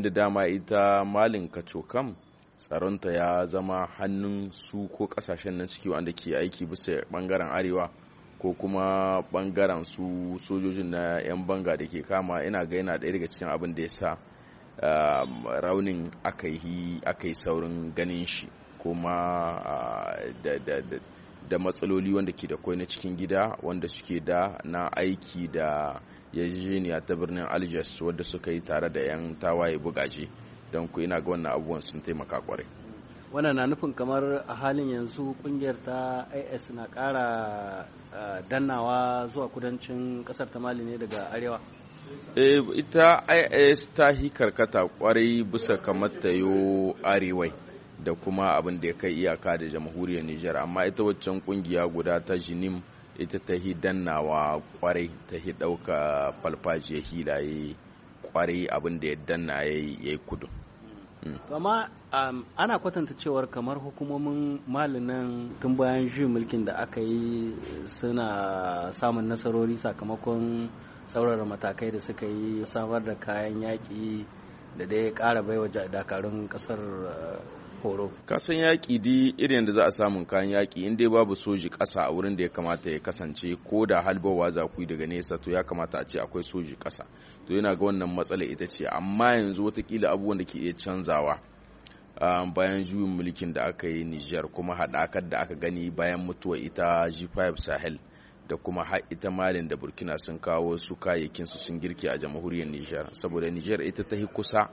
da dama ita malin kacokam tsaronta ya zama hannun su ko kasashen nan ciki wanda ke aiki bisa bangaren arewa ko kuma bangaren su sojojin na 'yan banga da ke kama ina ga yana daya daga cikin abin da ya sa um, raunin aka yi saurin ganin shi kuma uh, da matsaloli wanda ke da kwai na cikin gida wanda suke da na aiki da yarjejeniya ta birnin algiers wadda suka yi tare da 'yan tawaye bugaje don ku ina ga wannan abubuwan sun taimaka kwarai wannan na nufin kamar a halin yanzu kungiyar ta is na kara eh, dannawa zuwa kudancin kasar ta mali ne daga arewa eh, ita is ta hi karkata kwarai bisa kamar ta arewai da kuma abin da ya kai iyaka da jamhuriyar Nijar amma ita waccan kungiya guda ta Jinim ita ta hi dannawa kwarai ta hi ɗauka falfajiya hilaye kwarai abin da ya danna ya yi kudu. Hmm. amma um, ana kwatanta cewar kamar hukumomin malinan tun bayan juyin mulkin da aka yi suna samun nasarori sakamakon saurara matakai da suka yi samar da kayan yaƙi da dai ƙara baiwa dakarun ƙasar horo san yaƙi di irin da za a samun kayan yaƙi in dai babu soji ƙasa a wurin da ya kamata ya kasance ko da halbawa za ku daga nesa to ya kamata a ce akwai soji ƙasa to yana ga wannan matsala ita ce amma yanzu watakila abubuwan da ke iya canzawa um, bayan juyin mulkin da aka yi Nijar kuma haɗakar da aka gani bayan mutuwa ita G5 Sahel da kuma har ita malin da burkina sun kawo su kayayyakin su sun girke a jamhuriyar nijar saboda nijar ita ta kusa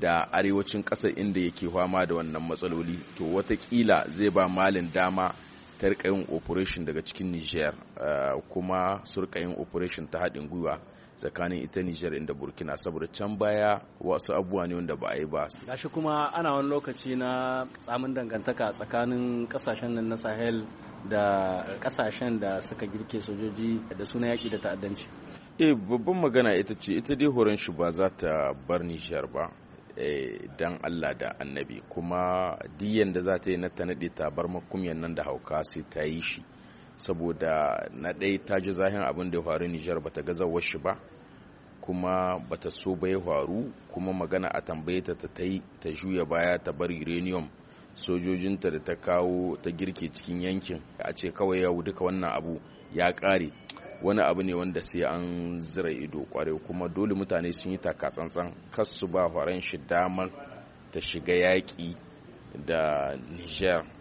da arewacin ƙasar inda yake fama da wannan matsaloli to watakila zai ba malin dama ta rika yin operation daga cikin niger eh, kuma su rika yin operation ta haɗin gwiwa tsakanin ita niger inda burkina saboda can baya wasu abubuwa ne wanda ba a yi ba gashi kuma ana wani lokaci na tsamin dangantaka tsakanin kasashen nan na sahel da kasashen da suka girke sojoji da suna yaƙi da ta'addanci e babban magana ita ce ita dai horon shi ba za ta bar nishiyar ba eh, dan Allah da annabi kuma diyan da za ta yi na ta bar makumya nan da hauka sai ta yi shi saboda na ɗai ta ji zahin abin da ya faru Nijar ba ta gaza washi ba kuma ba ta so bai ya faru kuma magana a tambaye ta ta ta juya baya ta bar uranium sojojinta da ta kawo ta girke cikin yankin a ce kawai yau duka wannan abu ya kare wani abu ne wanda sai an zira ido kwarai kuma dole mutane sun yi takatsantsan kas su ba horon shi damar ta shiga yaƙi da niger